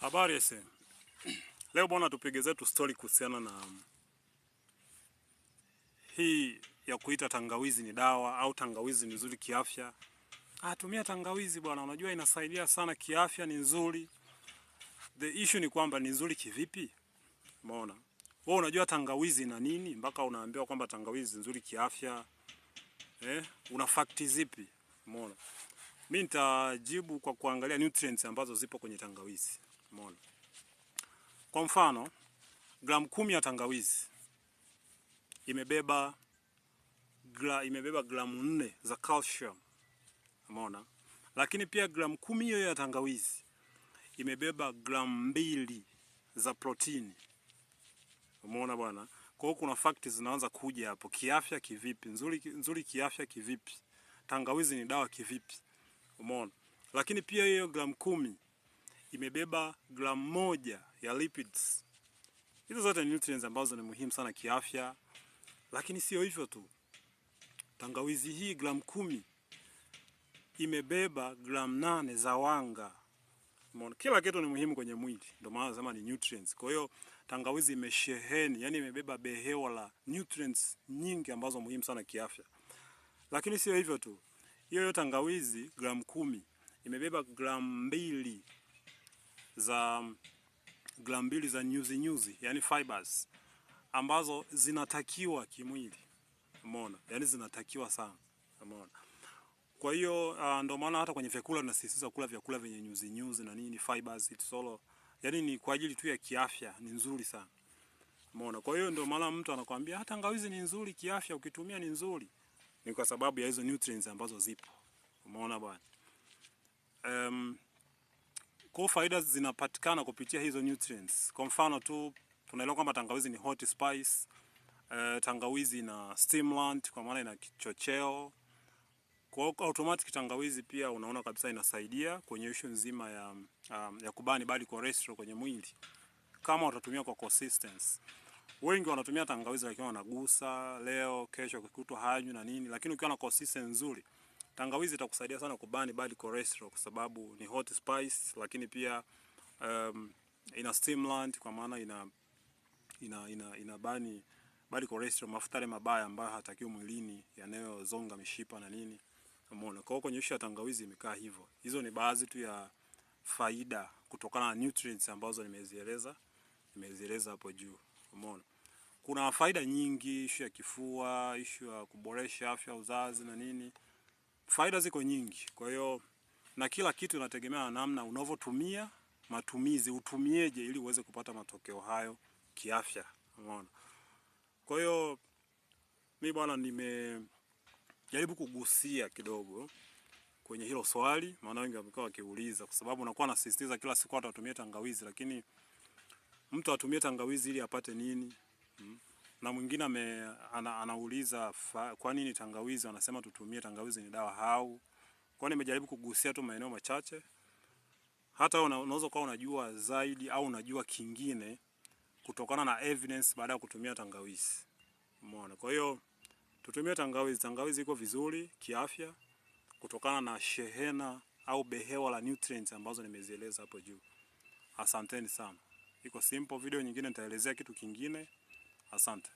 Habari ese. Leo bwana, tupige zetu story kuhusiana na um, hii ya kuita tangawizi ni dawa au tangawizi ni nzuri kiafya. Ah, tumia tangawizi bwana, unajua inasaidia sana kiafya, ni nzuri. The issue ni kwamba ni nzuri kivipi? Umeona? Wewe unajua tangawizi na nini mpaka unaambiwa kwamba tangawizi nzuri kiafya? Eh, una fakti zipi? Umeona? Mimi nitajibu kwa kuangalia nutrients ambazo zipo kwenye tangawizi. Umeona? Kwa mfano gramu kumi ya tangawizi imebeba gra, imebeba gramu nne za calcium. Umeona? Lakini pia gramu kumi hiyo ya tangawizi imebeba gramu mbili za protini. Umeona bwana? Kwa hiyo kuna facts zinaanza kuja hapo, kiafya kivipi? Nzuri, nzuri kiafya kivipi? Tangawizi ni dawa kivipi? Umeona? Lakini pia hiyo gramu kumi imebeba gramu moja ya lipids. Hizo zote ni nutrients ambazo ni muhimu sana kiafya, lakini sio hivyo tu. Tangawizi hii gramu kumi imebeba gramu nane za wanga. Umeona, kila kitu ni muhimu kwenye mwili, ndio maana nasema ni nutrients. Kwa hiyo tangawizi imesheheni, yani imebeba behewa la nutrients nyingi ambazo muhimu sana kiafya. Lakini sio hivyo tu, hiyo hiyo tangawizi gramu kumi imebeba gramu mbili za mm, gram mbili za nyuzi nyuzi, yani fibers ambazo zinatakiwa kimwili, umeona, yani zinatakiwa sana, umeona. Kwa hiyo uh, ndio maana hata kwenye vyakula tunasisitiza kula vyakula vyenye nyuzi nyuzi na nini fibers, it's all yani ni kwa ajili tu ya kiafya, ni nzuri sana, umeona. Kwa hiyo ndio maana mtu anakuambia hata ngawizi ni nzuri kiafya, ukitumia ni nzuri, ni kwa sababu ya hizo nutrients ambazo zipo, umeona bwana um, kwa faida zinapatikana kupitia hizo nutrients. Kwa mfano tu tunaelewa kwamba tangawizi ni hot spice. E, tangawizi na stimulant kwa maana ina kichocheo. Kwa automatic tangawizi pia unaona kabisa inasaidia kwenye ishu nzima ya, um, ya kubani bali cholesterol kwenye mwili kama utatumia kwa consistency. Wengi wanatumia tangawizi lakini wanagusa leo, kesho, kikutwa hanywi na nini, lakini ukiwa na consistency nzuri Tangawizi itakusaidia sana kubani bad cholesterol kwa sababu ni hot spice, lakini pia um, ina stimulant kwa maana ina ina ina, ina bani bad cholesterol, mafuta yale mabaya ambayo hatakiwi mwilini yanayozonga mishipa na nini. Umeona? Kwa hiyo kwenye ushi ya tangawizi imekaa hivyo. Hizo ni baadhi tu ya faida kutokana na nutrients ambazo nimezieleza nimezieleza hapo juu. Umeona? Kuna faida nyingi, ishu ya kifua, ishu ya kuboresha afya uzazi na nini faida ziko nyingi, kwa hiyo na kila kitu inategemea na namna unavyotumia matumizi, utumieje ili uweze kupata matokeo hayo kiafya, Unaona, Kwa hiyo mimi bwana, nimejaribu kugusia kidogo kwenye hilo swali, maana wengi wamekuwa wakiuliza, kwa sababu nakuwa nasisitiza kila siku watu watumie tangawizi, lakini mtu atumie tangawizi ili apate nini? hmm na mwingine ame ana, anauliza fa, kwa nini tangawizi, wanasema tutumie tangawizi ni dawa hau. Kwa nini nimejaribu kugusia tu maeneo machache, hata unaweza kuwa unajua zaidi au unajua kingine kutokana na evidence baada ya kutumia tangawizi. Umeona? Kwa hiyo tutumie tangawizi. Tangawizi iko vizuri kiafya kutokana na shehena au behewa la nutrients ambazo nimezieleza hapo juu. Asanteni sana. Iko simple. Video nyingine nitaelezea kitu kingine. Asante.